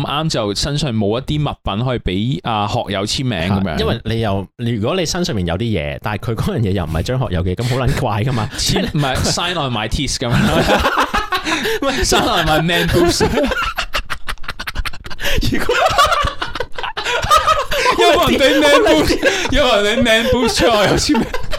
咁啱就身上冇一啲物品可以俾阿學友簽名咁樣，因為你又如果你身上面有啲嘢，但係佢嗰樣嘢又唔係張學友嘅，咁好捻怪噶嘛？簽唔係 sign on my teeth 咁樣，唔 sign on my man b o o 如果，又唔頂 man boobs，又唔頂 man b 學友簽名。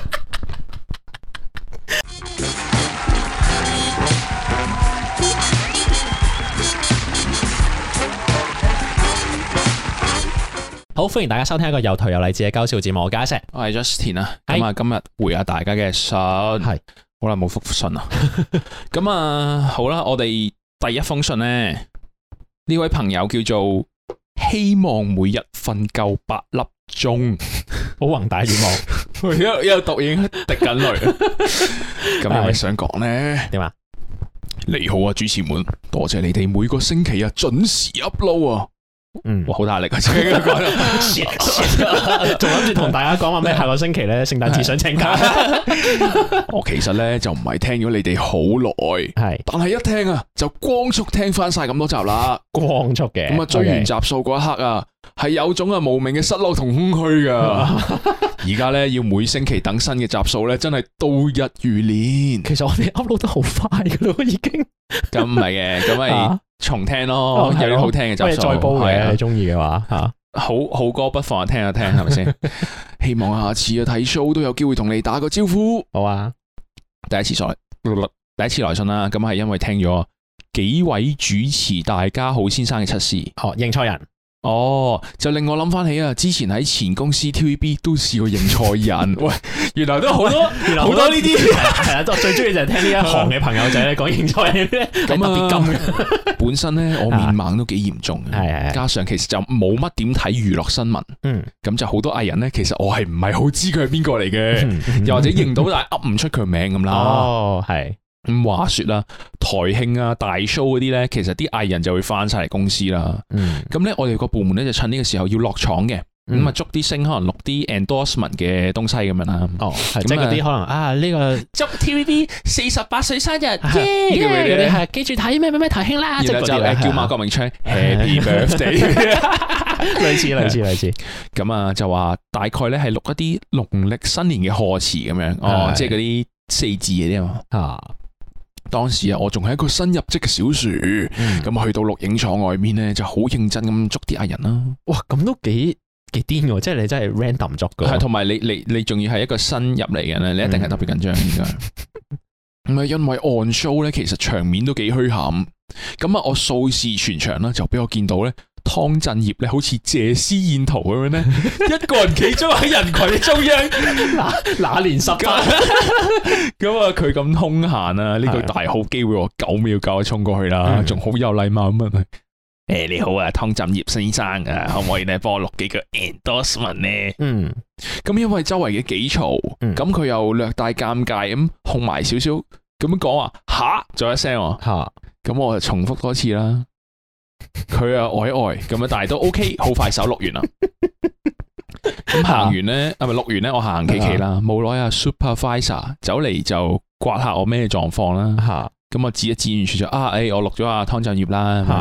好歡迎大家收聽一個又頹又勵志嘅搞笑節目。家姐，我係 Justin 啊。咁啊，今日回下大家嘅信，係是好耐冇覆信啦。咁啊， 好啦，我哋第一封信咧呢位朋友叫做希望每日瞓夠八粒鐘，好 宏大願望。 一又讀已滴緊淚，咁 有咩想講咧點啊樣？你好啊，主持們，多謝你哋每個星期啊準時 upload 啊！嗯，好大壓力啊！仲諗住同大家講話咩？下個星期咧，聖誕節想請假。我其實咧就唔係聽咗你哋好耐，係，但係一聽啊，就光速聽翻晒咁多集啦。光速嘅。咁啊，追完集數嗰一刻啊，係有種啊無名嘅失落同空虛噶。而家咧要每星期等新嘅集數咧，真係度日如年。其實我哋 upload 得好快噶啦，已經。咁唔係嘅，咁係。重聽咯，有啲、哦、好聽嘅就，再播係以對啊，你中意嘅話吓，好好歌不妨聽一聽係咪先？ 希望下次啊睇 show 都有機會同你打個招呼。好啊，第一次來，第一次來信啦。咁係因為聽咗幾位主持，大家好先生嘅測試，哦認錯人。哦，oh, 就令我諗翻起啊！之前喺前公司 TVB 都試過認錯人，喂， 原來都好多，原來好多呢啲係啊！來 最就最中意就係聽呢一行嘅朋友仔咧講認錯人咧，咁啊、 嗯， 本身咧我面盲都幾嚴重嘅，係、啊、加上其實就冇乜點睇娛樂新聞，嗯，咁就好多藝人咧，其實我係唔係好知佢係邊個嚟嘅，又或者認到但係噏唔出佢名咁啦，哦，係、哦。咁話說啦，台慶啊、大 show 嗰啲咧，其實啲藝人就會翻晒嚟公司啦。咁咧，我哋個部門咧就趁呢個時候要落廠嘅，咁啊，捉啲星可能錄啲 endorsement 嘅東西咁樣啦。哦，即係嗰啲可能啊，呢個祝 TVB 四十八歲生日耶！係記住睇咩咩咩台慶啦。就叫馬國明唱 Happy 類似類似類似。咁啊就話大概咧係錄一啲農曆新年嘅賀詞咁樣，哦，即係嗰啲四字嘅啲啊。當時啊，我仲係一個新入職嘅小樹，咁、嗯、去到錄影廠外面咧，就好認真咁捉啲藝人啦。哇，咁都幾幾癲，即係你真係 random 捉嘅。係同埋你你你仲要係一個新入嚟嘅咧，你一定係特別緊張。嗯、應該唔係因為 on show 咧，其實場面都幾墟冚。咁啊，我掃視全場啦，就俾我見到咧。湯鎮業咧，好似借屍宴徒咁樣咧，一個人企咗喺人群中央，嗱 在， 哪年十八？ 咁啊，佢咁空閒啊，呢個大好機會久久，九秒夠衝過去啦，仲、mm. 好有禮貌咁樣。誒，嗯、你好啊，湯鎮業先生啊，可唔可以咧幫我錄幾個 endorsement 咧？嗯，咁因為周圍嘅幾嘈，咁佢又略帶尷尬咁，控埋少少咁樣講話，吓，再一聲吓，咁我就重複多次啦。佢啊呆呆咁啊，但係都 OK，好快手錄完啦。咁行完咧，啊咪錄完咧，我行行企企啦。冇耐啊，supervisor 走嚟就刮下我咩狀況啦。吓，咁我指一指完完就啊，哎，我錄咗阿湯鎮業啦。吓，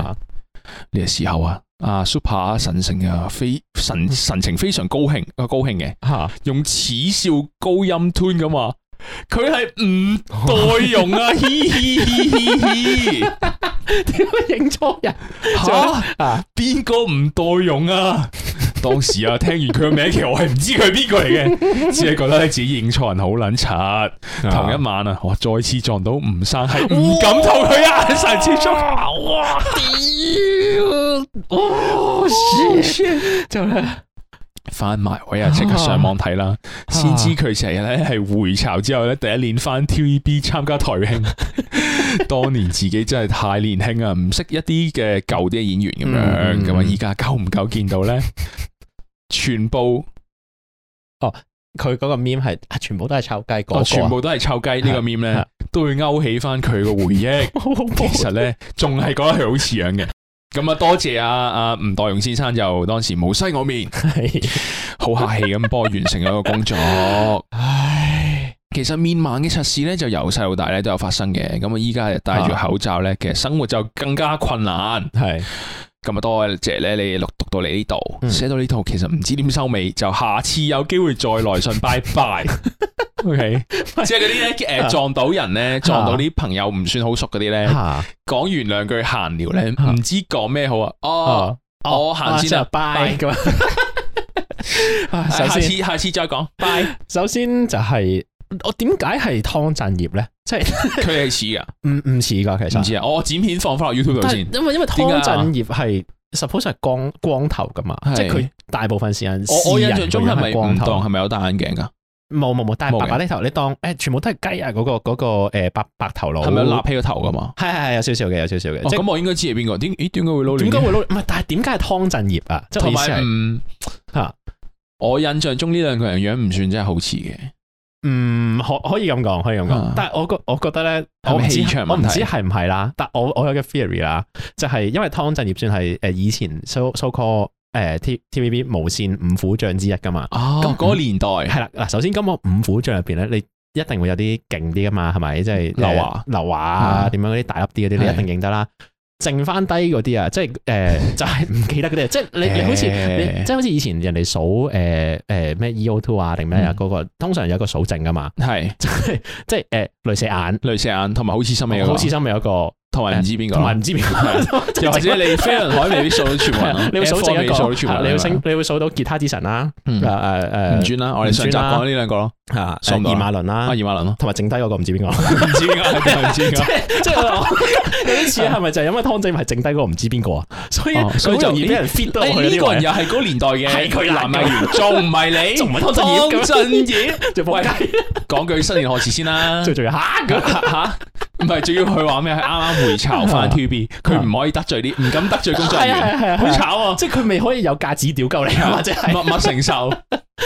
呢個時候啊，啊，super 神神啊，非神神情非常高興啊，高興嘅吓，用恥笑高音 turn 㗎嘛。佢係吳岱融啊，嘻嘻嘻嘻嘻，點解認錯人？有啊，邊個吳岱融啊？當時啊，聽完佢名其實我係唔知佢係邊個嚟嘅，只係覺得自己認錯人好撚柒。 啊、頭一晚啊，我再次撞到吳生，係唔敢同佢眼神接觸。哇！屌！哦！黐線，真係～翻埋位啊！即刻上網睇啦，先知佢成日咧，係回巢之後咧，啊、第一年翻 TVB 參加台慶， 當年自己真係太年輕啊，唔識一啲嘅舊啲嘅演員咁樣，咁啊、嗯，而家夠唔夠見到咧？全部哦，佢嗰個面係全部都係臭雞、那個，個、哦、全部都係臭雞呢個面咧，都會勾起翻佢個回憶。 其實咧呢，仲係 覺得佢好似樣嘅。咁啊，多謝啊，阿吳代榮先生，就當時冇西我面，係好 客氣咁幫我完成咗個工作。 唉，其實面盲嘅測試呢，就由細到大咧都有發生嘅。咁啊，依家戴住口罩呢，啊、其實生活就更加困難。係。咁啊多謝咧，你錄讀到嚟呢度，寫、嗯、到呢度，其實唔知點收尾，就下次有機會再來信，拜拜。O K，即係嗰啲咧，誒，撞到人咧，撞到啲朋友唔算好熟嗰啲咧，講 完兩句閒聊咧，唔知講咩好啊？哦，哦我行先啦，拜、啊。咁啊，下次下次再講，拜。首先就係、是。我點解係湯鎮業咧？即係佢係似噶，唔唔似噶，其實唔似啊！我剪片放翻落 YouTube 先。因為因為湯鎮業係 suppose 光光頭噶嘛，即係佢大部分時間。我印象中係咪光頭，唔當係咪有戴眼鏡噶？冇冇冇戴白白呢頭，你當誒，全部都係雞啊！嗰個個誒白白頭佬咁樣立起個頭噶嘛？係係係有少少嘅，有少少嘅。咁我應該知係邊個？點咦？點解會撈亂？點解會撈？唔係，但係點解係湯鎮業啊？即同埋吓，我印象中呢兩個人樣唔算真係好似嘅。唔，可可以咁講，可以咁講。但係我覺，我覺得咧，好唔、啊、知，係唔係市場我唔知係唔係啦。但我我有個 theory 啦，就係、是、因為湯鎮業算係誒以前 so so call 誒 T T V B 無綫五虎將之一噶嘛。哦，嗰、嗯、個年代係啦。嗱、嗯，首先今、嗰個五虎將入邊咧，你一定會有啲勁啲噶嘛，係咪？即係劉華、劉華啊，點華的樣嗰啲大粒啲嗰啲，你一定認得啦。的的剩翻低嗰啲啊，即係誒，就係唔記得嗰啲啊，即係你，好似你，即係好似以前人哋數誒誒咩 E O two 啊定咩啊，嗰個通常有一個數證噶嘛，係即係即係誒，鐳射眼鐳射眼，同埋好似心好似心尾有一個，同埋唔知邊個，同埋唔知邊個，又或者你飛輪海未必數到全部，你數證一個，你會升你會數到吉他之神啦，誒誒唔轉啦，我哋選擇講呢兩個咯。啊，上二馬倫啦，二馬倫咯，同埋剩低嗰個唔知邊個，唔知邊個，唔知邊個，即係即有啲似，係咪就係因為湯鎮業剩低嗰個唔知邊個啊？所以所以就易俾人 fit 到佢，呢個人又係嗰年代嘅，係佢男藝員，仲唔係你？仲唔係湯鎮業，喂，講句新年賀詞先啦，最重要吓吓，唔係，仲要佢話咩？啱啱回巢翻 TVB，佢唔可以得罪啲，唔敢得罪工作人員，好炒啊！即係佢未可以有架子屌鳩你，啊，或者係默默承受。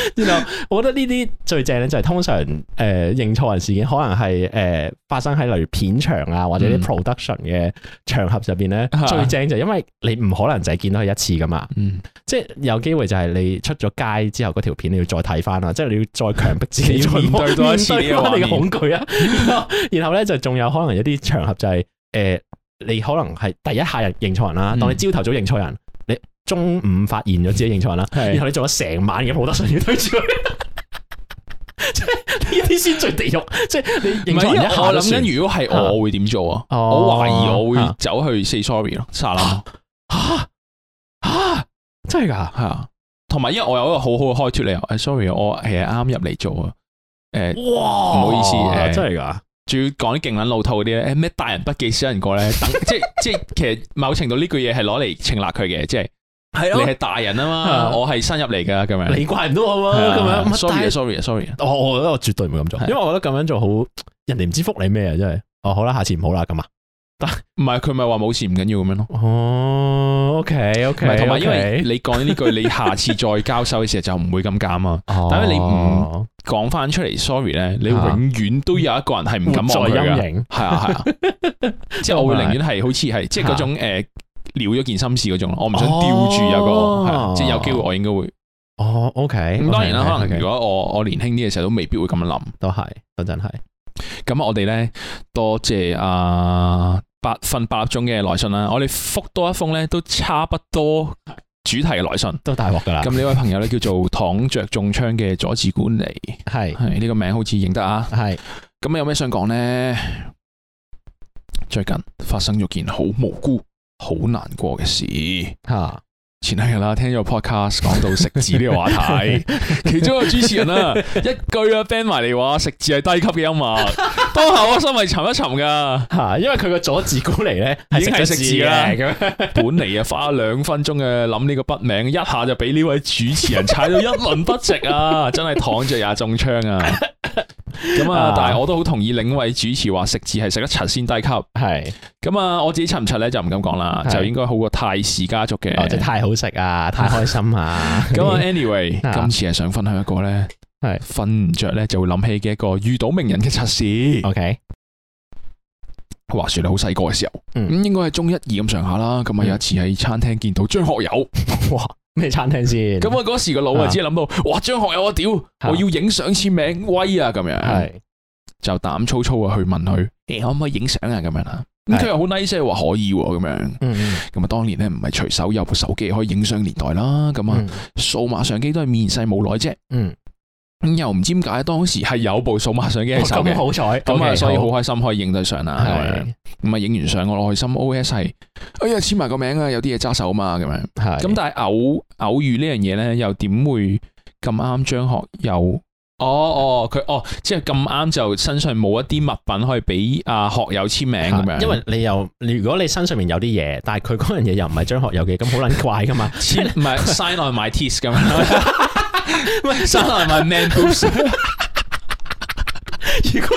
然後我覺得呢啲最正咧就係通常誒、呃、認錯人事件可能係誒、呃、發生喺例如片場啊或者啲 production 嘅場合入邊咧，最正就係因為你唔可能就係見到佢一次噶嘛。嗯，即係有機會就係你出咗街之後嗰條片你要再睇翻啦，嗯、即係你要再強迫自己再對多一次你嘅恐懼啊。嗯、 然後咧就仲有可能有啲場合就係、是、誒、呃、你可能係第一下人認錯人啦，當你朝頭早認錯人。中午發現咗自己認錯人啦，是的 然後你做咗成晚嘅好多要推住佢、 就是，即係呢啲先最地獄。即、就、係、是、下，諗緊，如果係我會點做啊？我懷疑我會走去 say sorry 咯，沙林。吓吓、 啊啊啊，真係噶？係啊。同埋，因為我有一個好好嘅開脫理由。哎、sorry 我係啱入嚟做啊。誒，哇，唔好意思，嗯、真係噶。仲要講啲勁捻老套嗰啲咩大人不記小人過咧？等， 即係即係，其實某程度呢句嘢係攞嚟成立佢嘅，即係。係啊，你係大人啊嘛，我係新入嚟噶咁樣，你怪唔到我啊咁樣，sorry sorry sorry，我我覺得我絕對唔會咁做，因為我覺得咁樣做好人哋唔知福你咩啊，真係，哦好啦，下次唔好啦咁啊，但唔係佢咪話冇事唔緊要咁樣咯，哦，ok ok，同埋因為你講呢句，你下次再交收嘅時候就唔會咁夾啊，但係你唔講翻出嚟，sorry 咧，你永遠都有一個人係唔敢望佢啊，係啊係啊，即係我會寧願係好似係即係嗰種誒。撩咗件心事嗰種我唔想吊住有個，哦、即係有機會我應該會。哦，OK。咁當然啦，可能如果我我年輕啲嘅時候都未必會咁樣諗，都係，等陣係。咁啊、呃，我哋咧多謝啊八分八粒鐘嘅來信啦，我哋覆多一封咧都差不多主題嘅來信，都大鑊噶啦。咁呢位朋友咧叫做躺着中槍嘅佐治官尼，係，係呢個名好似認得啊。係是。咁有咩想講咧？最近發生咗件好無辜好難過嘅事吓、啊，前兩日啦，聽咗 podcast 講到食字呢個話題， 其中一個主持人啊，一句啊 ban 埋嚟話食字係低級嘅音樂， 當下我心係沉一沉噶吓、啊，因為佢個左字高嚟咧， 已經係食字啦，咁 本嚟啊花兩分鐘嘅諗呢個筆名，一下就俾呢位主持人踩到一文不值啊， 真係躺着也中槍啊！咁啊！ 但係我都好同意另一位主持話食字係食得柒先低級。係咁啊！我自己柒唔柒咧就唔敢講啦，是就應該好過泰氏家族嘅。即係太好食啊！太開心啊！咁、 嗯、 Anyway，、啊、今次係想分享一個咧，係瞓唔着咧就會諗起嘅一個遇到名人嘅測試。OK，話說你好細個嘅時候，咁應該係中一二咁上下啦。咁啊、嗯、有一次喺餐廳見到張學友 咩餐廳先？咁我嗰時個腦啊，只係諗到，是的 哇張學友我屌，我要影相簽名威啊，咁樣，係是的 就膽粗粗啊去問佢，欸可唔可以影相是的 啊？咁樣啦，咁佢又好 nice，話可以咁樣，咁啊當年咧唔係隨手有部手機可以影相年代啦，咁啊數碼相機都係面世冇耐啫，嗯，嗯。嗯又唔知點解當時係有部數碼相機喺手咁好彩，咁啊所以好開心可以影得相啦，係是，咁啊影完相我落去心 O S 係，哎呀簽埋個名啊，有啲嘢揸手嘛，咁樣，係是，咁但係偶偶遇呢樣嘢咧，又點會咁啱張學友？哦哦，佢哦，即係咁啱就身上冇一啲物品可以俾阿學友簽名咁樣，因為你又，如果你身上面有啲嘢，但係佢嗰樣嘢又唔係張學友嘅，咁好捻怪噶嘛，簽唔係 sign on my teeth 噶嘛。咩？生係萬 man boots，一個，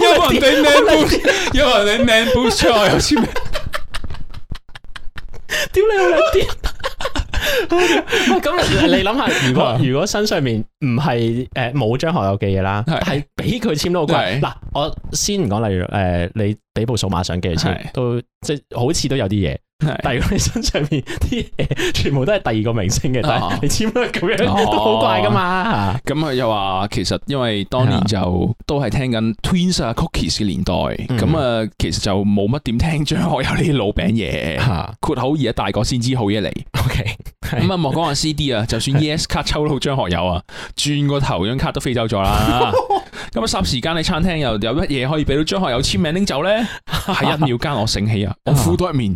一個你 man b o 你 man 出嚟，有簽名。屌你，好靚啲。咁，你諗下，如果如果身上面唔係誒冇張學友嘅嘢啦，係俾佢簽到個櫃嗱。我先唔講，例如誒，你俾部數碼相機簽，都的即係好似都有啲嘢。但如果你身上面啲嘢全部都係第二個明星嘅，但係你簽都係咁樣，都好怪噶嘛。咁佢又話，其實因為當年就都係聽緊 Twins 啊 Cookies 嘅年代，咁啊其實就冇乜點聽張學友呢啲老餅嘢。括號而家大個先知好嘢嚟。OK，咁啊莫講話 CD 啊，就算 ES 卡抽到張學友啊，轉個頭張卡都飛走咗啦。咁啊霎時間喺餐廳又有乜嘢可以俾到張學友簽名拎走咧？喺一秒間我醒起啊，我褲袋入面。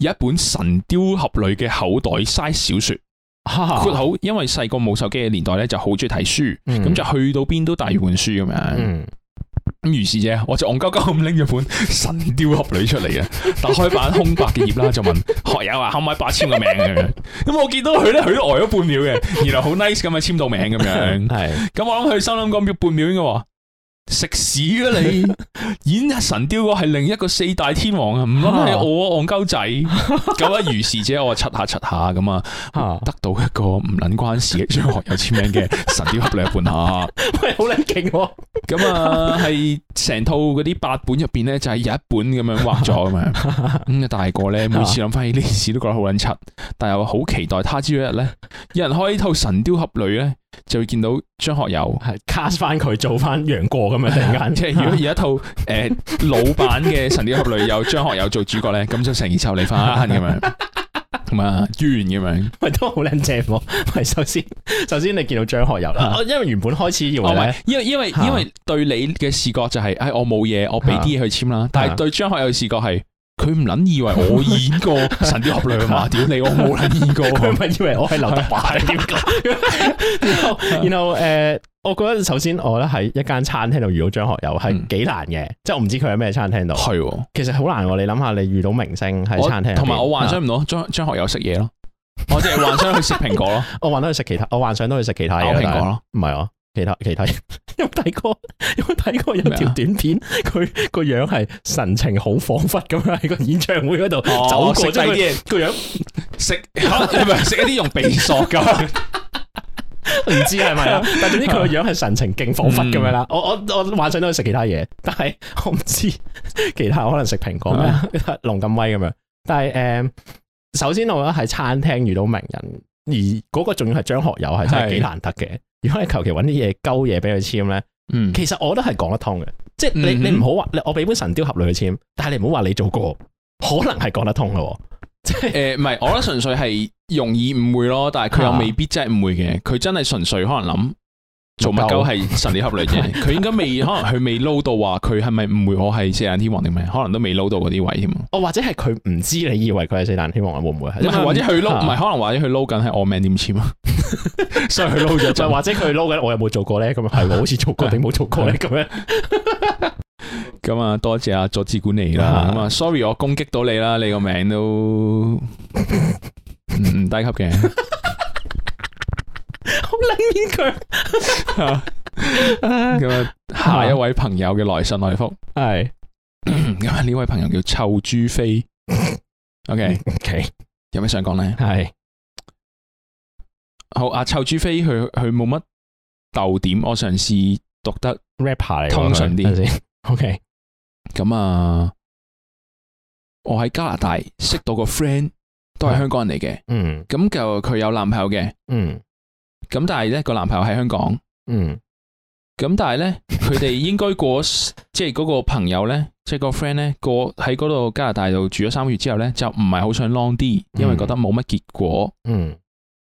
有一本《神鵰俠侶》嘅口袋嘥 i z e 小說，括好哈，因為細個冇手機嘅年代咧，就好中意睇書，咁、嗯、就去到邊都大住本書咁樣。咁於、嗯、是啫，我就戇鳩鳩咁拎咗本《神鵰俠侶》出嚟啊，打開版空白嘅頁啦，就問 學友啊，可唔可以八簽個名咁樣？咁我見到佢咧，佢都呆咗半秒嘅，然後好 nice 咁啊，簽到名咁樣。係，咁我諗佢心諗講秒半秒應該。食屎啦、啊、你！演神雕嗰係另一個四大天王啊，唔係我戇鳩仔咁啊， 一如是者我七下七下咁啊，吓得到一個唔捻關事嘅張學友簽名嘅神雕俠侶一本下，喂好捻勁咁啊！係成、 啊啊、套嗰啲八本入邊咧，就係、是、有一本咁樣畫咗咁樣，咁啊、 嗯、大個咧，每次諗翻起呢件事都覺得好捻柒，但係又好期待，他朝一日咧，有人開呢套神雕俠侶咧。就會見到張學友係 cast 翻，佢做翻楊過咁樣突然間，即係如果有一套誒、呃、 老版嘅神雕俠侶有張學友做主角咧，咁就成二抄你翻咁樣，同埋朱咁樣，咪都好靚正咯。首先首先你見到張學友啦， 因為原本開始以為、哦，因為因為因為對你嘅視覺就係、是，哎我冇嘢，我俾啲嘢去簽啦，的但係對張學友嘅視覺係。佢唔捻以為我演過神雕俠侶嘛？屌你我冇捻演過，唔係以為我係劉德華點㗎？然後然後、呃、我覺得首先我覺得喺一間餐廳度遇到張學友係幾難嘅，嗯、即係我唔知佢喺咩餐廳度。係，嗯、其實好難。你諗下，你遇到明星喺餐廳，同埋我,我幻想唔到張張 學友食嘢咯，我淨係幻想佢食蘋果咯， 我幻想佢食其他，我幻想都去食其他嘢，咬蘋果咯，唔係啊。其他其他有冇睇過有冇睇過有條短片，佢個麼樣係神情好恍惚咁樣喺個演唱會嗰度走過，即係佢個樣食唔係食一啲用鼻索噶，唔知係咪啊？但係總之佢個樣係神情勁恍惚咁樣啦。我我我幻想都到食其他嘢，但係我唔知其他可能食蘋果咩？龍咁威咁樣。但係誒，首先我覺得喺餐廳遇到名人，而嗰個仲要係張學友，係真係幾難得嘅。如果你求其揾啲嘢勾嘢俾佢簽呢，嗯、其實我都係講得通嘅。嗯、哼 即你你唔好話，我俾本神雕俠侶佢簽，但係你唔好話你做過，可能係講得通咯。即係誒、呃，唔係，我覺得純粹係容易誤會咯。但係佢又未必真係誤會嘅，佢的真係純粹可能諗。做乜狗係神力俠女啫，佢應該未可能佢未撈到話佢係咪誤會我係四眼天王定咩？可能都未撈到嗰啲位添。哦，或者係佢唔知你以為佢係四眼天王，會唔會？是嗯、或者佢撈唔係可能，或者佢撈緊係我命點簽啊？ 所以佢撈咗就，或者佢撈緊我有冇做過咧？咁啊係，好似做過定冇做過咧咁樣。咁啊、 嗯，多謝阿、啊、佐治管理啦。咁啊，sorry，我攻擊到你啦，你個名都唔唔、嗯、低級嘅。 佢，咁下一位朋友嘅來信來福係是，咁呢位朋友叫臭豬飛 ，OK OK，有咩想講咧？係是好啊，臭豬飛佢佢冇乜逗點，我嘗試讀得 rapper 嚟，通順啲 OK。咁啊，我喺加拿大識到個 friend，都係香港人嚟嘅，嗯，咁就佢有男朋友嘅，嗯。咁但係咧，個男朋友喺香港，嗯，咁但係咧佢哋應該過 即係嗰個朋友咧，即係個 friend 咧過喺嗰度加拿大度住咗三個月之後咧，就唔係好想 long 啲，因為覺得冇乜結果，嗯，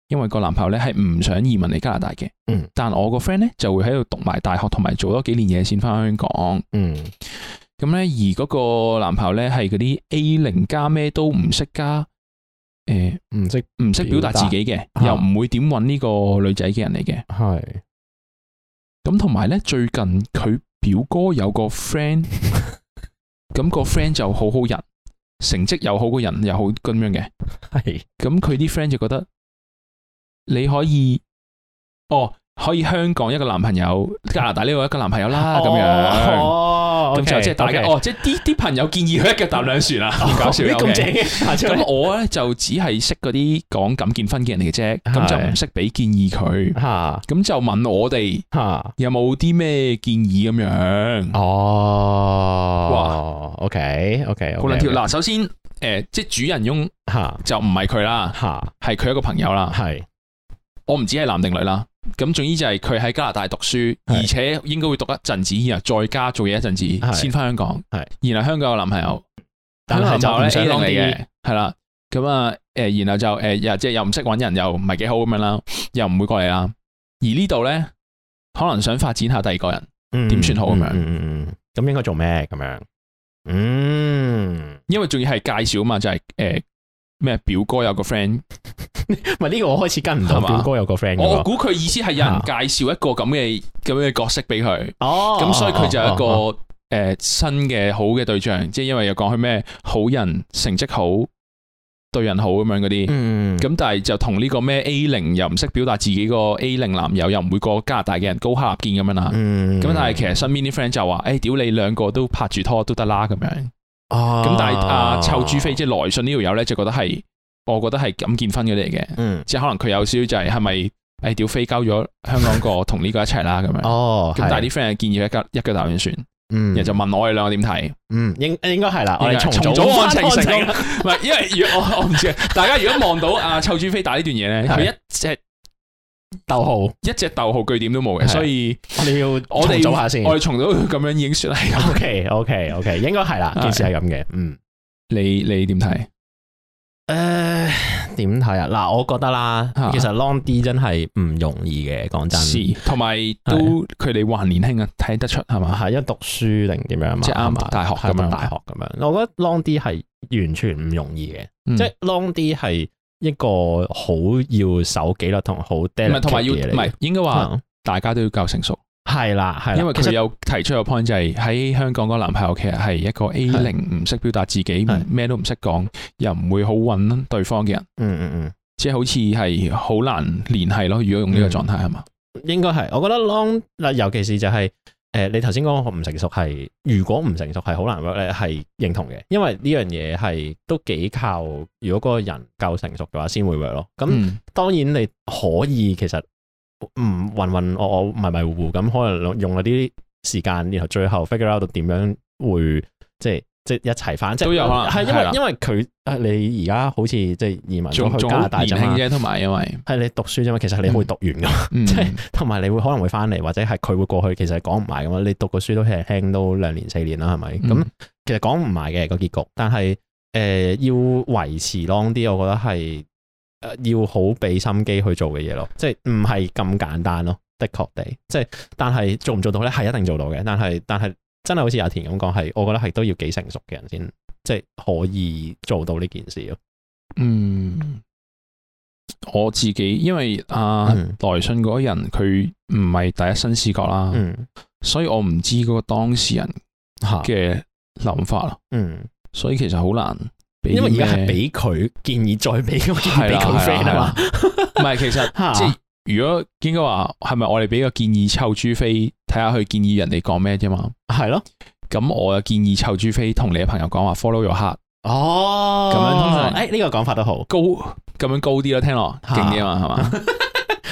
因為個男朋友咧係唔想移民嚟,加拿大嘅，嗯，但我個 friend 咧就會喺度讀埋大學同埋做多幾年嘢先返香港，嗯，咁咧而嗰個男朋友咧係嗰啲 A 零加咩都唔識㗎。誒，唔識唔識表達自己嘅，啊、又唔會點搵呢個女仔嘅人嚟嘅。係是，咁同埋呢，最近佢表哥有個 friend，咁 個 friend 就好好人，成績又好個人又好咁樣嘅。係是，咁佢啲 friend 就覺得你可以，哦。可以香港一個男朋友，加拿大呢個一個男朋友啦，咁樣哦，咁就即係大家，哦，即係啲啲朋友建議佢一腳踏兩船啊，咁我咧就只係識嗰啲講敢結婚嘅人嚟嘅啫，咁就唔識俾建議佢，咁就問我哋有冇啲咩建議咁樣哦，哇，OK OK 好兩條嗱，首先誒，即係主人翁就唔係佢啦，係佢一個朋友啦，係我唔知係男定女啦。咁總之就係佢喺加拿大讀書，是而且應該會讀一陣子啊，在家做嘢一陣子，子是先翻香港，係是然後香港有男朋友，嗯、但係就唔想嚟嘅，係啦。咁啊，誒，然後就誒、啊，又即係又唔識搵人，又唔係幾好咁樣啦，又唔會過嚟啦。而呢度咧，可能想發展下第二個人，點、嗯、算好咁樣？咁應該做咩咁樣？嗯，嗯嗯嗯嗯嗯因為仲要係介紹啊嘛，就誒、是。呃咩表哥有個 friend，唔係呢個我開始跟唔到吧表哥有個 friend，我估佢意思係有人介紹一個咁嘅咁嘅角色俾佢。哦，咁所以佢就係一個誒、哦呃、新嘅好嘅對象，哦、即係因為又講佢咩好人，成績好，對人好咁樣嗰啲。嗯，咁但係就同呢個咩 A 零又唔識表達自己個 A 零男友，又唔會過加拿大嘅人高下立見咁樣啦。嗯，咁但係其實身邊啲 friend 就話，誒、欸，屌你兩個都拍住拖都得啦，咁樣。哦，咁但係阿臭豬飛即係來信呢條友咧，就覺得係我覺得係咁見分嗰啲嚟嘅，嗯，即係可能佢有少少就係係咪誒屌飛交咗香港個同呢個一齊啦咁樣，哦，咁但係啲 friend 建議一腳一腳打完算，嗯，然後就問我哋兩個點睇，嗯，應應該係啦，我哋重組案情，唔係因為如我我唔知大家如果望到阿臭豬飛打呢段嘢咧，佢一隻。逗號，一隻逗號句點都冇嘅，所以你要我哋做下先，我哋從早咁樣已經算係。O K O K O K，應該係啦，件事係咁嘅。嗯，你你點睇？誒，點睇啊？嗱，我覺得啦，其實 long D 真係唔容易嘅，講真。同埋都佢哋還年輕啊，睇得出係嘛？係，因讀書定點樣啊？即係啱大學咁樣，大學咁樣。我覺得 long D 係完全唔容易嘅，即係 long D 係。一個好要守紀律同好，唔係同埋要唔係應該話，大家都要夠成熟。係啦、嗯，係因為其實有提出個 point 就係喺香港個男朋友其實係一個 A 零的，唔識表達自己，咩的都唔識講，又唔會好搵對方嘅人。嗯嗯嗯，即係好似係好難聯繫咯。如果用呢個狀態係嘛？嗯、吧應該係。我覺得 long 嗱，尤其是就係、是。誒，你頭先講唔成熟係，如果唔成熟係好難 work，係認同嘅，因為呢樣嘢係都幾靠如果個人夠成熟嘅話先會 work 咯。咁當然你可以其實唔渾渾噩噩、嗯、雲雲我我迷迷糊糊咁，可能用嗰啲時間，然後最後 figure out 到點樣會即係。即一齊翻，即都有可係因為的因為佢，你而家好似即係移民咗去加拿大啫，同埋因為係你讀書啫嘛。其實你會讀完嘅，即係同埋你會可能會翻嚟，或者係佢會過去。其實講唔埋咁，你讀個書都係輕都兩年四年啦，係咪？咁、嗯、其實講唔埋嘅個結局，但係誒、呃、要維持 long 啲，我覺得係誒要好俾心機去做嘅嘢咯。即係唔係咁簡單咯，的確地。即、就、係、是、但係做唔做到咧，係一定做到嘅。但係但係。真係好似阿田咁講，係我覺得係都要幾成熟嘅人先，即係可以做到呢件事咯。嗯，我自己因為阿、啊嗯、來信嗰個人佢唔係第一身視角啦，嗯、所以我唔知嗰個當事人嘅諗法咯。嗯，所以其實好難俾因為而家係俾佢建議，再俾咁樣俾佢 friend 係嘛，唔係 其實即 如果應該話係咪我哋俾個建議臭朱飛睇下佢建議人哋講咩啫嘛？係咯，咁我又建議臭朱飛同你嘅朋友講話 follow your heart 哦，咁樣通常誒呢個講法都好高咁樣高啲咯，聽落勁啲啊嘛係嘛，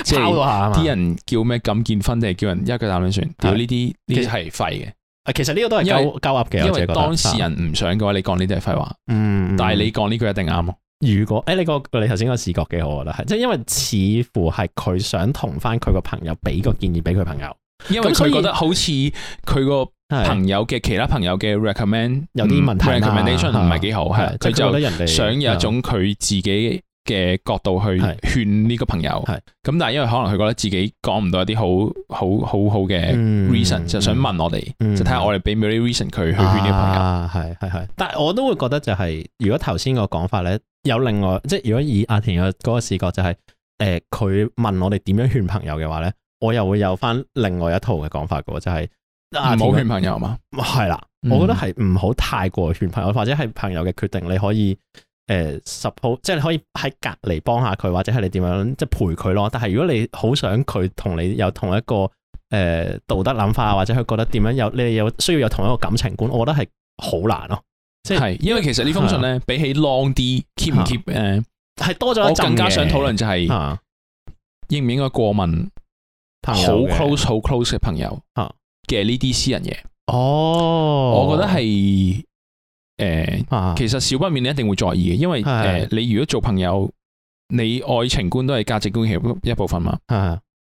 即係啲人叫咩咁見分定係叫人一句打點船？屌呢啲呢啲係廢嘅，其實呢個都係交交壓嘅，因為當事人唔想嘅話你講呢啲係廢話，嗯，但係你講呢句一定啱。如果誒，你個你頭先個視覺幾好，我覺得係，即係因為似乎係佢想同翻佢個朋友俾個建議俾佢朋友，因為佢覺得好似佢個朋友嘅其他朋友嘅 recommend 有啲問題，recommendation 唔係幾好，係即係就想有一種佢自己嘅角度去勸呢個朋友，係咁，但係因為可能佢覺得自己講唔到一啲好好好好嘅 reason，就想問我哋，就睇下我哋俾咩 reason 佢去勸呢個朋友，係係係，但係我都會覺得就係如果頭先個講法咧。有另外即係，如果以阿田嘅嗰個視角，就係誒佢問我哋點樣勸朋友嘅話咧，我又會有翻另外一套嘅講法嘅，就係冇勸朋友嘛，係啦，我覺得係唔好太過勸朋友，或者係朋友嘅決定，你可以誒十 u 即係你可以喺隔籬幫下佢，或者係你點樣即係陪佢咯。但係如果你好想佢同你有同一個誒、呃、道德諗法或者佢覺得點樣有你有需要有同一個感情觀，我覺得係好難咯、啊。即係，因為其實呢封信咧，的比起 long 啲的，keep 唔 keep？誒，係多咗。我更加想討論就係、是，的應唔應該過問好 close、好 close 嘅朋友嘅呢啲私人嘢？哦的，我覺得係誒的、呃，其實少不免你一定會在意嘅，因為誒的、呃，你如果做朋友，你愛情觀都係價值觀嘅一部分嘛。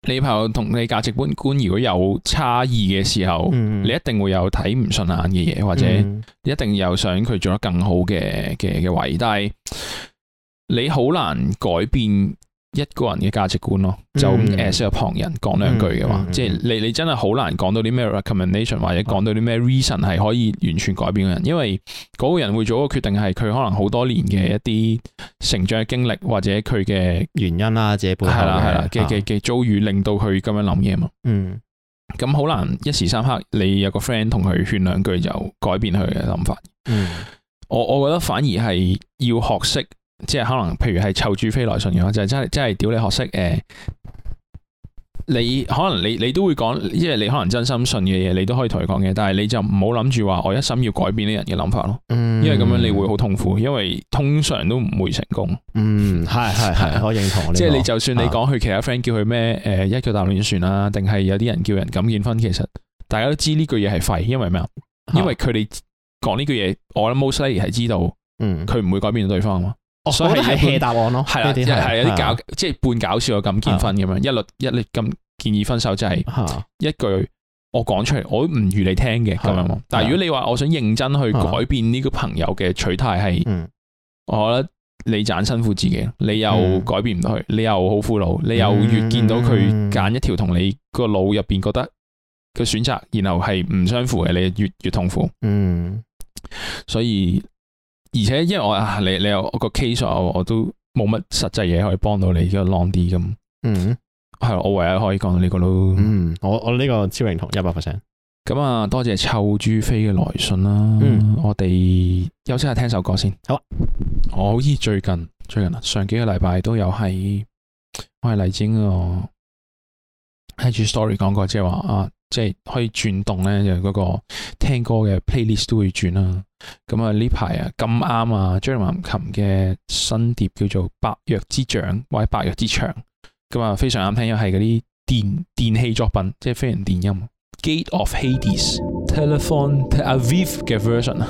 你朋友同你價值觀觀如果有差異嘅時候，嗯、你一定會有睇唔順眼嘅嘢，或者一定有想佢做得更好嘅嘅嘅位，但係你好難改變，一個人嘅價值觀咯，就誒涉及旁人講兩句嘅話，即係你你真係好難講到啲咩 recommendation 或者講到啲咩 reason 係可以完全改變嘅人，因為嗰個人會做一個決定係佢可能好多年嘅一啲成長嘅經歷，或者佢嘅原因啦，自己背後嘅嘅嘅嘅遭遇，令到佢咁樣諗嘢嘛。嗯，咁好難一時三刻，你有個 friend 同佢勸兩句就改變佢嘅諗法。嗯，我我覺得反而係要學識。即係可能，譬如係臭豬飛來信嘅話，就係、是、真係真係屌你學識誒、呃！你可能你你都會講，即、就、係、是、你可能真心信嘅嘢，你都可以同佢講嘅。但係你就唔好諗住話，我一心要改變啲人嘅諗法咯。嗯、因為咁樣你會好痛苦，因為通常都唔會成功。嗯，係係係，我認同。即係你就算你講佢其他 friend 叫佢咩誒，一腳踏兩船啦，定係有啲人叫人敢見分，其實大家都知呢句嘢係廢，因為咩啊？因為佢哋講呢句嘢，我諗 most likely 係知道，佢唔會改變到對方啊嘛。嗯嗯所以得係半答案咯，係啦，係係有啲搞，即係半搞笑又咁見分，咁樣，一律一律咁建議分手，即係一句我講出嚟，我唔如你聽嘅咁樣。但係如果你話我想認真去改變呢個朋友嘅取態，係我覺得你盞辛苦自己，你又改變唔到佢，你又好苦惱，你又越見到佢揀一條同你個腦入邊覺得佢選擇，然後係唔相符嘅，你越越痛苦。嗯，所以。而且因為我啊，你你有我個 case，我，我都冇乜實際嘢可以幫到你，咁 long 咁，嗯，係、啊、我唯一可以講到呢個咯。嗯、我我呢個超認同，一百 percent。咁啊，多謝臭豬飛嘅來信啦、啊。嗯、我哋休息下聽首歌先。好、啊，我好似最近最近啊，上幾個禮拜都有喺我係麗晶個喺住 story 講過，即係話啊。即係可以轉動咧，就係嗰個聽歌嘅 playlist 都會轉啦。咁、嗯、啊呢排啊咁啱啊椎名林檎嘅新碟叫做《白若之掌》或者《百藥之長》咁啊、嗯，非常啱聽，又係嗰啲電電器作品，即係非常電音，《Gate of Hades》 《Telefon Tel Aviv》嘅 version 啊！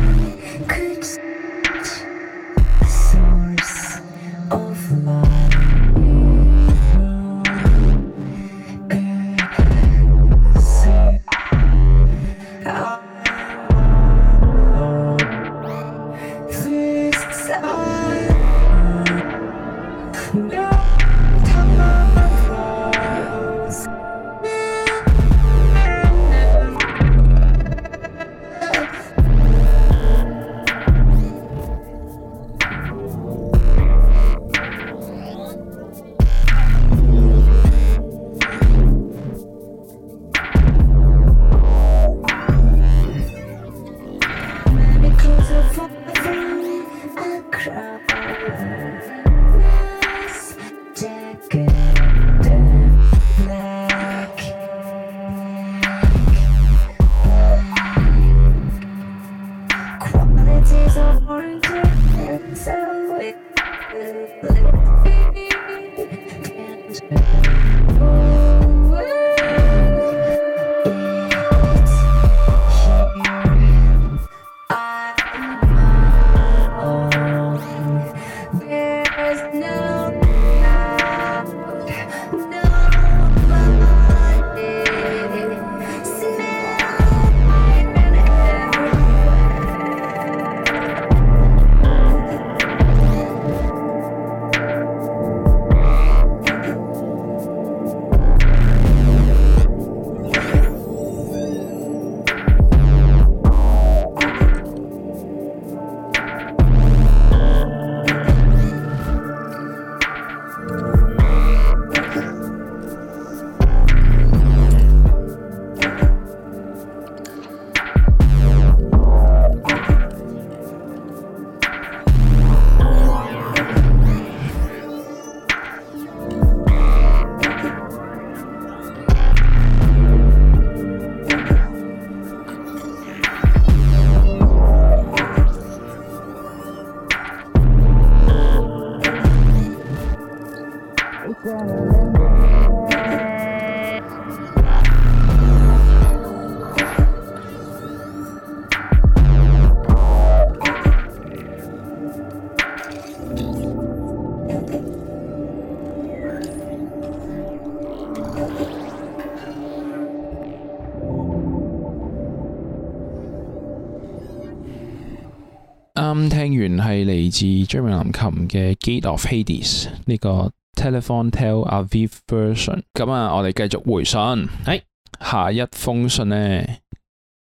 自名林檎嘅《Gate of Hades》呢個 Telefon Tel Aviv Version，咁啊，我哋繼續回信。哎，Hey. 下一封信呢。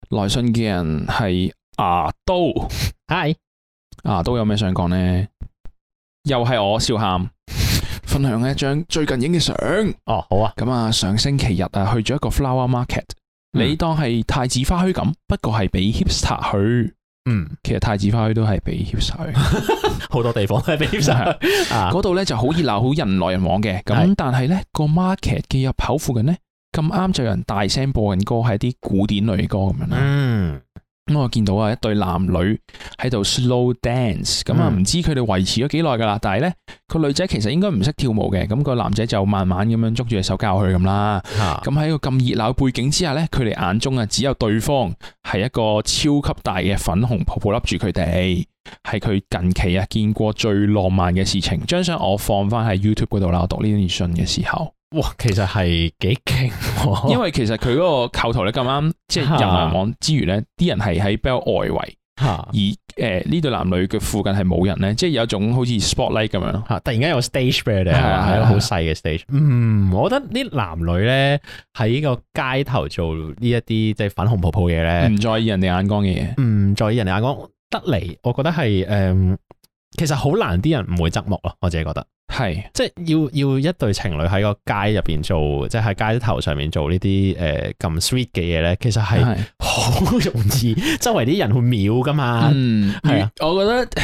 來信嘅人係阿刀。Hi Hi. 阿刀有咩想講呢？又係我笑喊，分享一張最近影嘅相。哦，oh，好啊，咁啊，上星期日啊，去咗一個 Flower Market，、嗯、你當係太子花墟咁，不過係畀 Hipster 去。嗯，其實太子花墟都係被貼晒，好多地方都係被貼晒。嗰度咧就好熱鬧，好人來人往嘅。咁但係咧個 Market 嘅入口附近咧咁啱就有人大聲播緊歌，係啲古典類歌咁樣啦。嗯咁我見到啊一對男女喺度 slow dance，咁啊唔知佢哋維持咗幾耐噶啦，但係呢個女仔其實應該唔識跳舞嘅，咁個男仔就慢慢咁樣捉住隻手教佢咁啦。咁喺個咁熱鬧背景之下呢，佢哋眼中啊只有對方係一個超級大嘅粉紅泡泡笠住佢哋，係佢近期啊見過最浪漫嘅事情。張相我放翻喺 YouTube 嗰度啦，我讀呢段信嘅時候。哇，其實係幾勁， 因為其實佢嗰個構圖咧咁啱，即係、就是、人民網之餘咧，啲是的 人係喺比較外圍，是的 而誒呢、呃、對男女嘅附近係冇人咧，即係有一種好似 spotlight 咁樣，突然間有 stage 俾佢哋，係一個好細嘅 stage。是的是的嗯，我覺得啲男女咧喺個街頭做呢一啲即係粉紅泡泡嘢，咧，唔在意人哋眼光嘅嘢，唔在意人哋眼光得嚟，我覺得係誒。嗯其實好難，啲人唔會側目咯，我自己覺得係，是即係要要一對情侶喺個街入邊做，即係喺街頭上面做呢啲誒咁 sweet 嘅嘢咧，其實係好容易，周圍啲人會瞄噶嘛。嗯，係啊，我覺得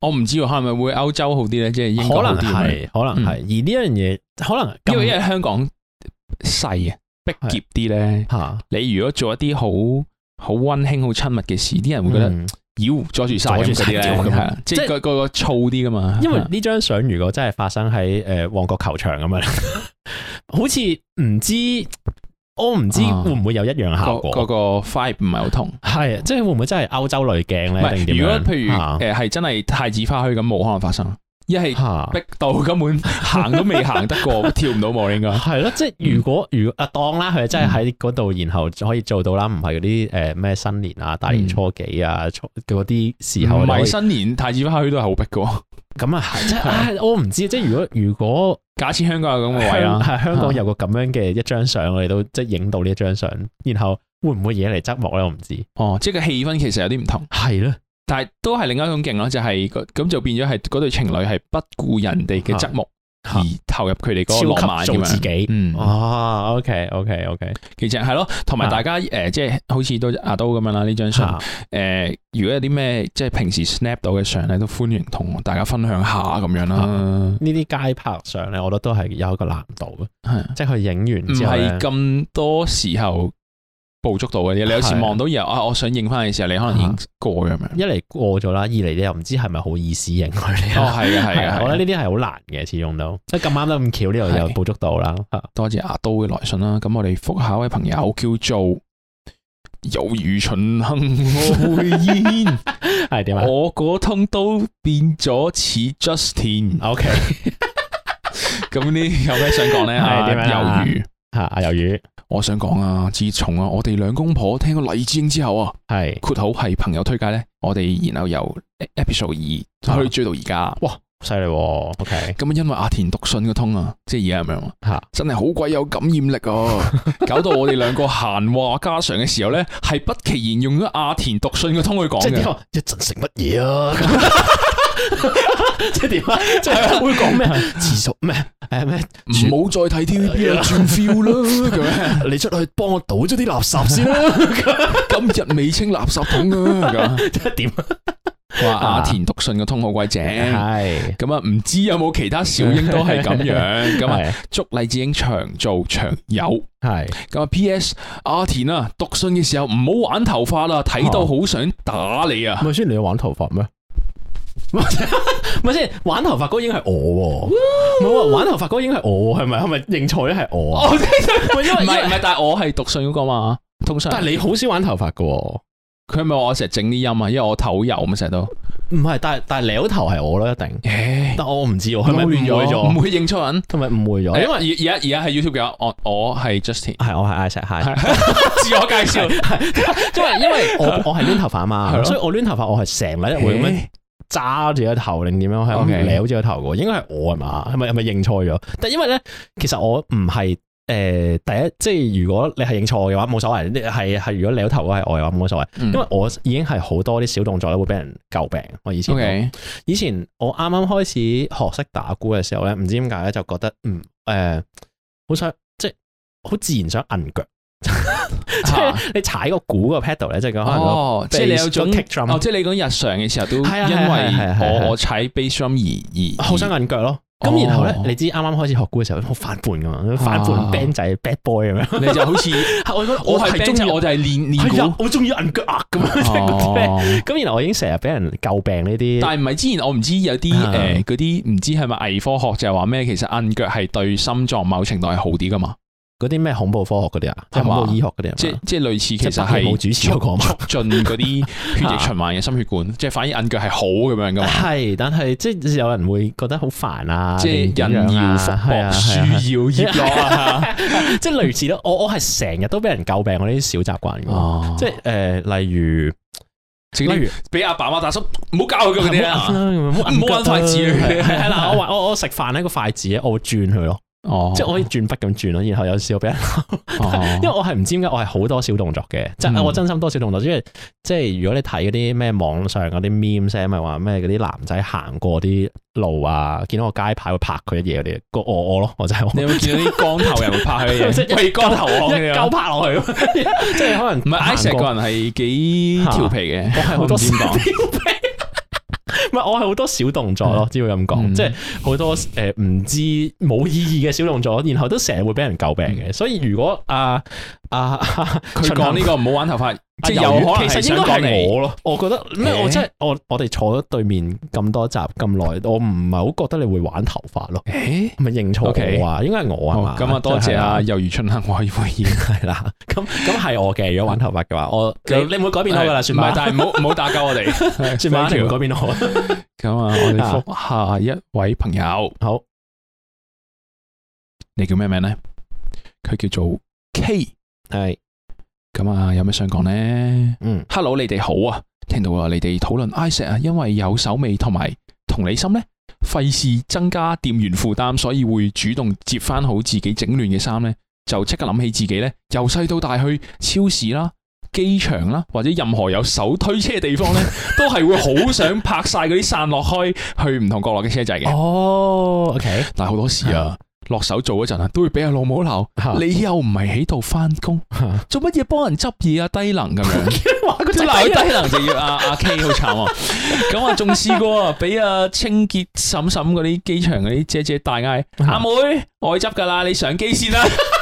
我唔知，係咪會歐洲好啲咧？即係英國啲，係可能係。嗯、而呢樣嘢可能因為因為香港細啊，逼仄啲咧吓。是你如果做一啲好好溫馨、好親密嘅事，啲人會覺得、嗯。妖、哎，阻住晒住嗰啲咧，嗯、即係個個燥啲㗎嘛。是因為呢張相如果真係發生喺誒、呃、旺角球場咁樣， 好似唔知我唔知會唔會有一樣效果。嗰、啊嗰個 five 唔係好同，係即係會唔會真係歐洲濾鏡咧？定點？如果譬如誒係真係太子花墟咁，冇可能發生。一係逼到根本行都未行得過， 跳唔到舞應該係咯。即係如果、嗯、如啊當啦，佢真係喺嗰度，然後就可以做到啦,唔係嗰啲誒咩新年啊大年初幾啊嗰啲、嗯、時候。唔係是以新年，太子花墟都係好逼噶。咁啊，即係的、啊、我唔知。即係如果如果假設香港有咁嘅位啦，係香港有個咁樣嘅一張相,我哋都即係影到呢一張相,然後會唔會惹嚟側目咧？我唔知。哦，即係個氣氛其實有啲唔同。係咧。但係都係另一種勁咯，就係、是，咁就變咗係嗰對情侶係不顧人哋嘅側目的而投入佢哋嗰個浪漫咁的、呃、樣。嗯，哦，OK，OK，OK，其實係咯，同埋大家誒，即係好似都阿刀咁樣啦，呢張相誒，如果有啲咩即係平時 snap 到嘅相咧，都歡迎同大家分享下咁樣啦。呢啲街拍相咧，我覺得都係有一個難度嘅，的即係佢影完之後唔係咁多時候。捕捉到嘅啲，你有時望到以後啊，我想認翻嘅時候，你可能已經過咁樣，一嚟過咗啦，二嚟你又唔知係咪好意思認佢。哦，係啊，係啊，我諗呢啲係好難嘅，始終都即係咁啱咁巧，呢度又捕捉到啦。啊，多謝阿都會來信啦。咁我哋復下一位朋友叫做有魚蠢亨火焰，係點啊？我個通都變咗似 Justin。O K，咁你有咩想講咧？啊，游魚，吓阿游魚。我想講啊，自從啊，我哋兩公婆聽咗黎志英之後啊，係括號係朋友推介咧，我哋然後由、e、episode 二去追到而家，吧哇，犀利，哦，OK，咁因為阿田讀信個通啊，即係而家咁樣，吓是，真係好鬼有感染力，哦、啊， 搞到我哋兩個閒話家常嘅時候咧，係不其然用咗阿田讀信個通去講嘅，即一陣食乜嘢啊？ 即係點啊？即係會講咩自熟咩？誒咩？唔好再睇 TVB 啦，轉 feel 啦，咁樣你出去幫我倒咗啲垃圾先啦。 今日未清垃圾桶啊！咁即係點啊？哇！阿田讀信嘅通好鬼正，係咁啊！唔知有冇其他小英都係咁樣咁啊？ 是 是祝勵志英長做長有，係咁啊！PS，阿田啊，讀信嘅時候唔好玩頭髮啦，睇到好想打你啊！咪先， 你有玩頭髮咩？咪先玩頭髮哥應係我，冇啊！玩頭髮哥應係我，係咪係咪認錯咗？係我啊？唔係唔係，但係我係讀信嗰個嘛，通常。但係你好少玩頭髮噶，佢係咪我成日整啲音啊？因為我頭油咪成日都，唔係，但係但係撩頭係我囉一定。但我唔知我係咪誤會咗，唔會認錯人，同埋誤會咗。因為而而家而家係 YouTube 嘅，我我係 Justin，係我係 Ish，係自我介紹。因為因為我我係攣頭髮嘛，所以我攣頭髮我係成日會揸住個頭定點樣喺度撩住個頭嘅，應該係我係嘛？係咪係咪認錯咗？但因為咧，其實我唔係誒第一，即係如果你係認錯嘅話，冇所謂。係係如果撩頭嘅係我嘅話，冇乜所謂。因為我已經係好多啲小動作咧，會俾人詬病。我以前，Okay. 以前我啱啱開始學識打鼓嘅時候咧，唔知點解咧，就覺得嗯誒，好、呃、想即係好自然想按腳。 你踩鼓 dle，個鼓個 pedal 咧，即係講哦，即、就、係、是、你有種球哦，即、就、係、是、你講日常嘅時候都係因為我踩因為我踩 bass drum 而而後生硬腳咯。咁、哦、然後咧，你知啱啱開始學鼓嘅時候好反叛噶嘛，反叛 band 仔 bad boy 咁樣，哦、 你就好似 我我係中意我就係練練鼓， 哎、我中意硬腳壓咁樣。咁然後我已經成日俾人詬病呢啲，但係唔系之前我唔知有啲誒嗰啲唔知係咪偽科學就係話咩？其實硬腳係對心臟某程度係好啲噶嘛。嗰啲咩恐怖科學嗰啲啊？恐怖醫學嗰啲啊？即係即係類似，其實係有助促進嗰啲血液循環嘅心血管，即係反而按腳係好咁樣噶嘛？係，但係即係有人會覺得好煩啊！即係人要伏啊，樹要葉咗啊！即係類似咯，我我係成日都俾人詬病我啲小習慣即係誒，例如例如俾阿爸阿媽大叔唔好教佢嗰啲啊，唔好夾筷子。係啦，我我我食飯咧個筷子咧，我會轉佢咯。哦，即係我可以轉筆咁轉咯，然後有時我俾人鬧，因為我係唔知點解我係好多小動作嘅，即係我真心多小動作，因為即係如果你睇嗰啲咩網上嗰啲 Meme 咪話咩嗰啲男仔行過啲路啊，見到個街牌會拍佢一嘢嗰啲，個我我咯，我就係。你有冇見到啲光頭人拍佢嘢？即係光頭王，一鳩拍落去。即係可能，I 唔成個人係幾調皮嘅，我係好多。唔係，我係好多小動作咯，只會咁講，嗯、即係好多誒唔、呃、知冇意義嘅小動作，然後都成日會俾人詬病嘅，嗯、所以如果阿，呃啊！佢講呢個唔好玩頭髮，即係其實想講我咯。我覺得咩？我真我我哋坐咗對面咁多集咁耐，我唔係好覺得你會玩頭髮咯。誒，咪認錯我啊？應該係我啊？咁啊，多謝啊，又如春我可以回應係啦。咁咁係我嘅，如果玩頭髮嘅話，我你唔會改變我噶啦，算唔係，但係唔好唔好打攪我哋，算埋，你唔改變我。咁啊，我哋覆下一位朋友，好。你叫咩名咧？佢叫做 K。係咁啊，是有咩想講呢，嗯，Hello，你哋好啊！聽到啊，你哋討論 Iset 啊，因為有手尾同埋同理心呢，費事增加店員負擔，所以會主動接翻好自己整亂嘅衫呢，就即刻諗起自己呢，由細到大去超市啦、機場啦，或者任何有手推車嘅地方呢，都係會好想拍晒嗰啲散落開去唔同角落嘅車仔嘅。哦，OK，但係好多時啊。嗯落手做嗰陣啊，都會俾阿老母鬧。你又唔係喺度翻工，啊、做乜嘢幫人執嘢啊？低能咁樣，即係鬧低能就要阿阿 K 好慘啊！咁我仲試過俾、啊、阿、啊、清潔嬸嬸嗰啲機場嗰啲姐姐大嗌：阿、啊啊、妹，我執噶啦，你上機先啦、啊。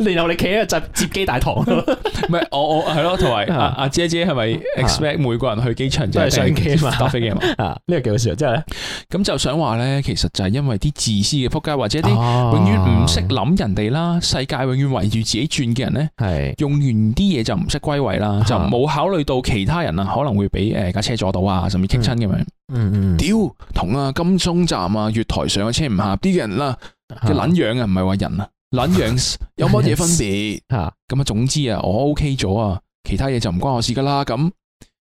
然後你企喺個閘接機大堂咯，唔係我我係咯，同埋阿姐姐係咪 expect 每個人去機場都係上機啊，搭飛機啊？呢個幾好笑，真係。咁就想話咧，其實就係因為啲自私嘅仆街，或者啲永遠唔識諗人哋啦，世界永遠圍住自己轉嘅人咧，係用完啲嘢就唔識歸位啦，就冇考慮到其他人啊，可能會俾誒架車撞到啊，甚至傾親咁樣。嗯嗯。屌同啊，金鐘站啊，月台上嘅車唔合啲嘅人啦，嘅撚樣啊，唔係話人啊。兩樣有乜嘢分別吓？咁啊，總之啊，我 OK 咗啊，其他嘢就唔關我事噶啦。咁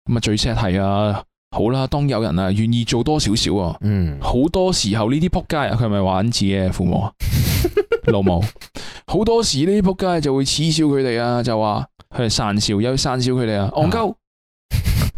咁啊，最 sad 係啊，好啦，當有人啊願意做多少少啊，嗯，好多時候呢啲仆街啊，佢係咪玩自己嘅父母啊， 老母，好多時呢啲仆街就會恥笑佢哋啊，就話佢係散笑，有散笑佢哋啊，戇鳩、嗯。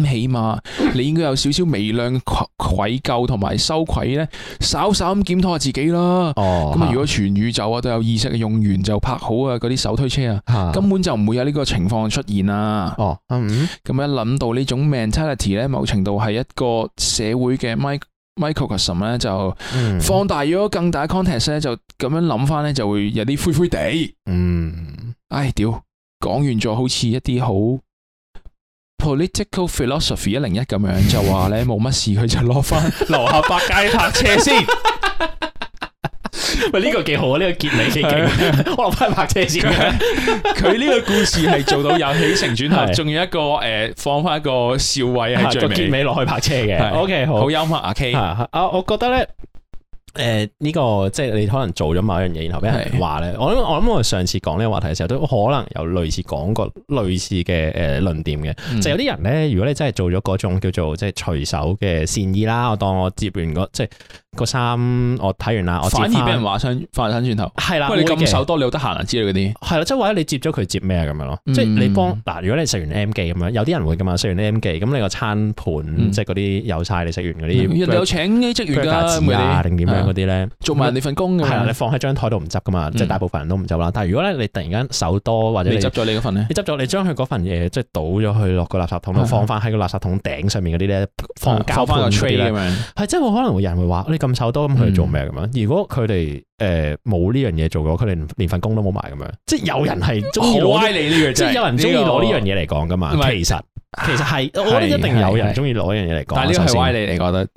起碼你應該有少少微量愧疚同埋羞愧咧，稍稍咁檢討下自己啦。哦，咁如果全宇宙啊都有意識嘅用完就拍好啊，嗰啲手推車啊，哦、根本就唔會有呢個情況出現啊。哦，嗯、咁樣諗到呢種 mentality 咧，某程度係一個社會嘅 microcosm 咧，mic ism，就放大咗更大嘅 context 咧，就咁樣諗翻咧，就會有啲灰灰地。嗯，唉，屌，講完咗好似一啲好。Political philosophy 一零一咁樣就話咧，冇乜事佢就攞翻樓下百佳拍車先， 喂呢、這個幾好啊呢、這個結尾幾好， 我落翻去拍車先。佢呢個故事係做到有起承轉合，仲要 一個誒、呃、放翻一個笑位喺最 結尾落去拍車嘅。 是 OK 好，好幽默阿、啊、K 啊，我覺得咧。誒，呢個即係你可能做咗某一樣嘢，然後俾人話咧，我諗我諗我上次講呢個話題嘅時候都可能有類似講過類似嘅誒論點嘅，就有啲人咧，如果你真係做咗嗰種叫做即係隨手嘅善意啦，我當我接完個即係個衫，我睇完啦，我反而俾人話翻翻轉頭，係啦，喂你咁手多，你有得閒啊之類嗰啲，係啦，即係或者你接咗佢接咩咁樣咯，即係你幫嗱，如果你食完 M 記咁樣，有啲人會噶嘛，食完 M 記咁你個餐盤即係嗰啲有晒，你食完嗰啲，有人有請職員噶，定點樣？啲咧做埋你份工嘅，係啦，你放喺張台度唔執噶嘛，即係大部分人都唔執啦。但係如果咧你突然間手多或者你執咗你份咧，你執咗你將佢嗰份嘢即係倒咗去落個垃圾桶度，放翻喺個垃圾桶頂上面嗰啲咧，放膠盤嗰啲咧，係真係可能會有人會話：你咁手多咁佢做咩咁樣？如果佢哋誒冇呢樣嘢做嘅話，佢哋連份工都冇埋咁樣。即係有人係中意你呢個，即係有人中意攞呢樣嘢嚟講噶嘛。其實其實係我一定有人中意攞呢樣嘢嚟講。但係呢個係歪理嚟講，得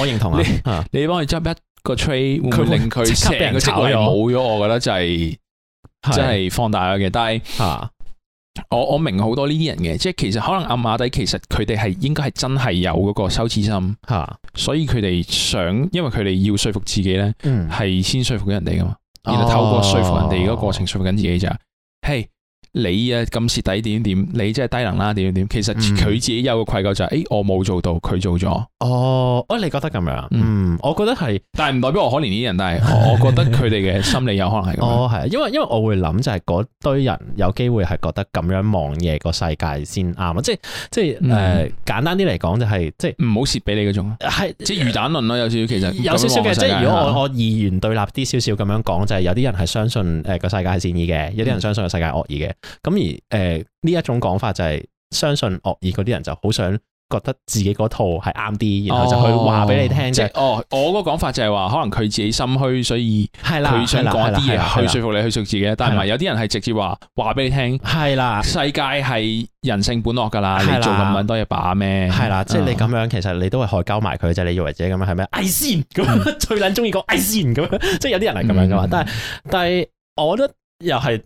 我認同啊。你幫佢執會會個 trade 令佢成個職位冇咗？我覺得就係、是、是真係放大咗嘅。但係吓，我我明好多呢啲人嘅，即係其實可能阿馬底，其實佢哋係應該係真係有嗰個羞恥心吓，是所以佢哋想，因為佢哋要說服自己咧，係、嗯、先說服緊人哋噶嘛，然後透過說服人哋嗰個過程、哦、說服緊自己就係，嘿、hey,。你啊咁蝕底點點，你真係低能啦點點點。其實佢自己有個愧疚就係，誒我冇做到，佢做咗。哦，哦你覺得咁樣？嗯，我覺得係，但係唔代表我可憐呢啲人，但係我覺得佢哋嘅心理有可能係咁。哦，係，因為因為我會諗就係嗰堆人有機會係覺得咁樣望嘢個世界先啱，即係即係誒簡單啲嚟講就係，即係唔好蝕俾你嗰種，即係魚蛋論咯，有少少其實有少少嘅。即係如果我我二元對立啲少少咁樣講，就係有啲人係相信誒個世界係善意嘅，有啲人相信個世界惡意嘅。咁而誒呢一種講法就係相信惡意嗰啲人就好想覺得自己嗰套係啱啲，然後就去話俾你聽。即係哦，我個講法就係話可能佢自己心虛，所以係啦，佢想講一啲嘢，去說服你去說自己。但係唔係有啲人係直接話話俾你聽，係啦，世界係人性本惡噶啦，你做咁多嘢把咩？係啦，即係你咁樣其實你都係害交埋佢啫。你以為自己咁樣係咩？偽善咁最捻中意個偽善咁，即係有啲人係咁樣噶嘛。但係但係，我覺得又係。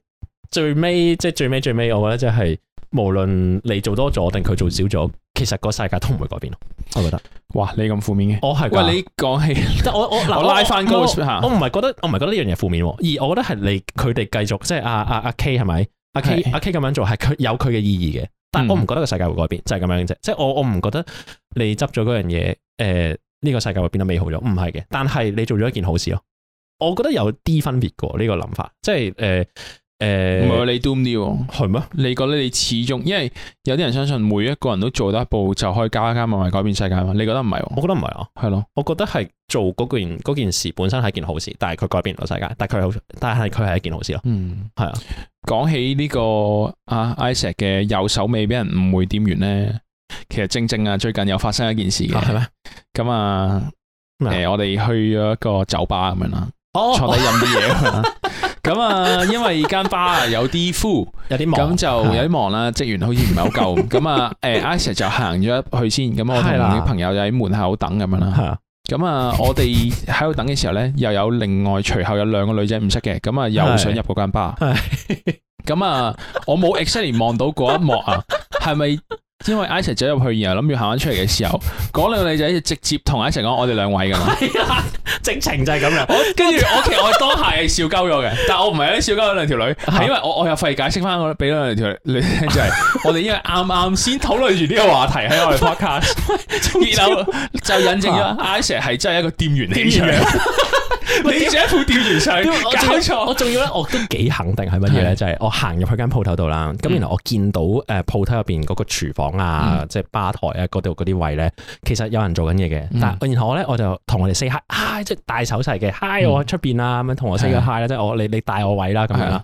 最尾即係，最尾最尾，我覺得即係無論你做多咗定佢做少咗，其實個世界都唔會改變咯。我覺得，哇，你咁負面嘅， 我係喂你講起，我我我拉翻高下，我唔係覺得我唔係覺得呢樣嘢負面，而我覺得係你佢哋繼續即係阿阿阿 K 係咪阿 K 阿是、啊、K 咁樣做係佢有佢嘅意義嘅，但係我唔覺得個世界會改變，就係、是、咁樣啫。嗯、即係我我唔覺得你執咗嗰樣嘢，誒、呃、呢、這個世界會變得美好咗，唔係嘅。但係你做咗一件好事咯，我覺得有啲分別過呢個諗法，即係誒。呃誒、欸，你 d o o 喎，係咩嗎？你覺得你始終因為有啲人相信每一個人都做得一步就可以加加埋埋改變世界嘛？你覺得唔係、啊？我覺得唔係啊，係咯的，我覺得係做嗰件件事本身係一件好事，但係佢改變唔到世界，但係佢好，但係佢係一件好事咯。嗯，係、這個、啊。講起呢個阿 Isaac 嘅右手尾俾人誤會點完咧，其實正正啊，最近又發生一件事嘅，係咩？咁啊，誒、啊麼呃，我哋去咗一個酒吧咁樣啦，坐底飲啲嘢。哦哦 咁啊，因為間吧啊有啲 full，有啲忙，咁就有啲忙啦。職員好似唔係好夠，咁啊，誒，阿 Sir 就行咗去先，咁我同啲朋友就喺門口等咁樣啦。咁啊，我哋喺度等嘅時候咧，又有另外隨後有兩個女仔唔識嘅，咁啊又想入嗰間吧。咁啊，我冇 exactly 望到嗰一幕啊，係咪？因為 Ish 走入去，然後諗住行翻出嚟嘅時候，嗰兩個女仔直接同 Ish 講：我哋兩位噶嘛，直情就係咁樣。跟住我其實我當下係笑鳩咗嘅，但係我唔係咧笑鳩咗兩條女，係、啊、因為我我又費解釋翻，我俾嗰兩條女聽就係、是、我哋因為啱啱先討論完呢個話題喺我哋 podcast， 然後就引證咗 Ish 係真係一個店員嚟嘅、啊。 你住喺副吊魚上，我搞錯，我仲要咧，我都幾肯定係乜嘢咧，就係我行入去間鋪頭度啦。咁然後我見到誒鋪頭入邊嗰個廚房啊，即係吧台啊，嗰度嗰啲位咧，其實有人做緊嘢嘅。但然後我咧，我就同我哋 say hi，即係大手勢嘅 hi，我喺出邊啦，咁樣同我 say 個 hi 啦，即係我你你帶我位啦，咁樣。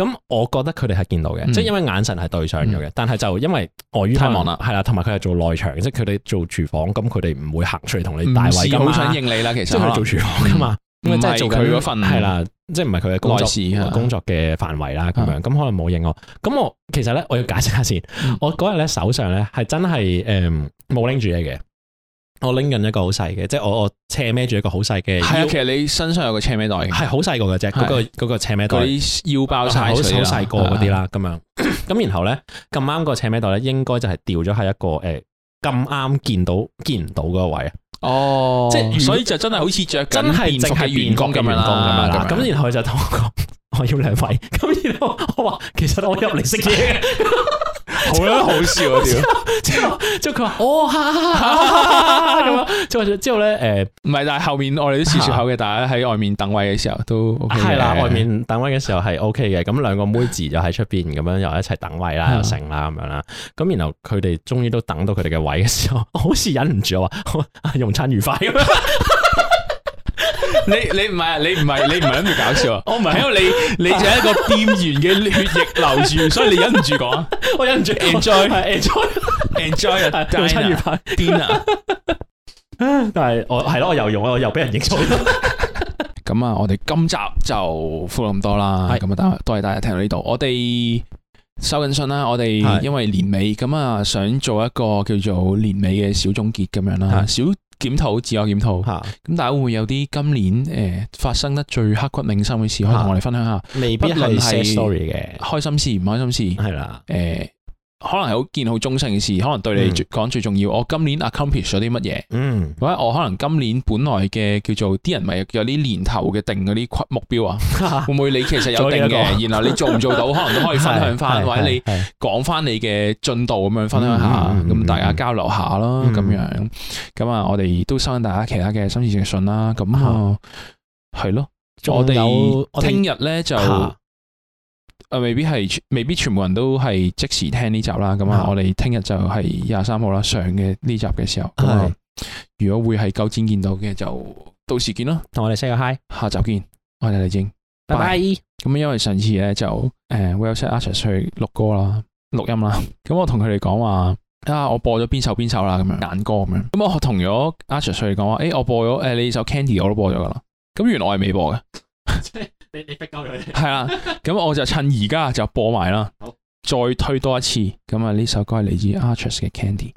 咁，我覺得佢哋係見到嘅，即係因為眼神係對上咗嘅。嗯、但係就因為礙於太忙啦，係啦，同埋佢係做內場，即係佢哋做廚房，咁佢哋唔會行出嚟同你大位。咁，好想應你啦，其實即係做廚房噶嘛，因為、嗯、即係做佢嗰份係啦，即係唔係佢嘅工作工作嘅範圍啦，咁樣咁可能冇應我。咁我其實咧，我要解釋下先，我嗰日咧手上咧係真係誒冇拎住嘢嘅。我拎緊一個好細嘅，即係我我斜孭住一個好細嘅。係啊，羽其實你身上有個斜孭袋。係好細個嘅啫，嗰個嗰個斜孭袋。腰包晒好細個嗰啲啦，咁、嗯、樣。咁、啊、然後咧，咁啱個斜孭袋咧，應該就係掉咗喺一個誒，咁、欸、啱見到見唔到嗰個位啊。哦，即係，所以就真係好似着真係淨係員工咁啦。咁、嗯、然後佢就同我講，我要兩位。咁然後我話，其實我入嚟食嘢。好啦， 好笑啊之後之後佢話哦，咁樣，之之後咧誒，唔係，但係後面我哋都試出口嘅，大家喺外面等位嘅時候都 O K 係啦、啊，外面等位嘅時候係 O K 嘅。咁兩個妹仔就喺出邊咁樣又一齊等位啦，又成啦咁樣啦。咁然後佢哋終於都等到佢哋嘅位嘅時候，好似忍唔住啊，話用餐愉快咁樣。你你唔係你唔係你唔係諗住搞笑啊？我唔係，因為你你就係一個店員嘅血液流住，所以你忍唔住講啊！我忍唔住 enjoy，enjoy，enjoy，就七月派癲啊！但係我係咯，我又用，啊，我又俾人認錯。咁啊，我哋今集就敷咁多啦。咁啊，多謝大家聽到呢度。我哋收緊信啦。我哋因為年尾咁啊，想做一個叫做年尾嘅小總結咁樣啦。小檢討，自我檢討，咁、啊、大家會唔會有啲今年誒、呃、發生得最刻骨銘心嘅事，可以同我哋分享一下，啊？未必係 story 嘅開心事，唔開心事，啊的可能係好件好終生嘅事，可能對你講最重要。我今年 accomplish 咗啲乜嘢？或者我可能今年本來嘅叫做啲人咪有啲年頭嘅定嗰啲目標啊？會唔會你其實有定嘅？然後你做唔做到，可能都可以分享翻，或者你講翻你嘅進度咁樣分享下，咁大家交流下咯。咁樣咁啊，我哋都收緊大家其他嘅心事直信啦。咁啊，係咯，我哋聽日咧,就。誒，未必係，未必全部人都係即時聽呢集啦。咁啊，我哋聽日就係廿三號啦，上嘅呢集嘅時候，咁啊是的，如果會係夠鐘見到嘅，就到時見咯。同我哋 say 個 hi，下集見。我係李晶，拜拜。咁拜拜 因為上次咧就誒 Arches 阿 Sir 去錄歌啦，錄音啦。咁 我同佢哋講話啊，我播咗邊首邊首啦，咁樣揀歌咁樣。咁我同咗阿 Sir 講話，誒、欸，我播咗誒、呃，你首 Candy 我都播咗噶啦。咁原來我係未播嘅。 即係 你你逼鳩佢，係啦， 咁我就趁而家就播埋啦，好，再推多一次，咁啊呢首歌係嚟自 Arches 嘅 Candy。